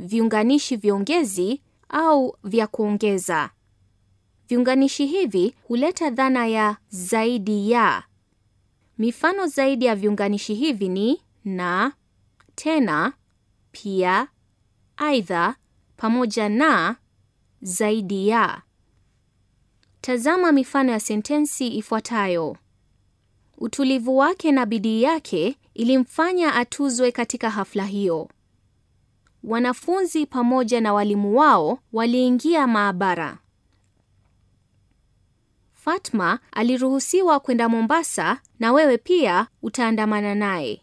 viunganishi viongezi au vya kuongeza. Viunganishi hivi huleta dhana ya zaidi ya. Mifano zaidi ya viunganishi hivi ni na, tena, pia, aidha, pamoja na, zaidi ya. Tazama mifano ya sentensi ifuatayo. Utulivu wake na bidii yake ilimfanya atuzwe katika hafla hiyo. Wanafunzi pamoja na walimu wao waliingia maabara. Fatma aliruhusiwa kwenda Mombasa na wewe pia utaandamana naye.